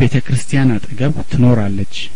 ቤተ ክርስቲያን አጠገብ ትኖራለች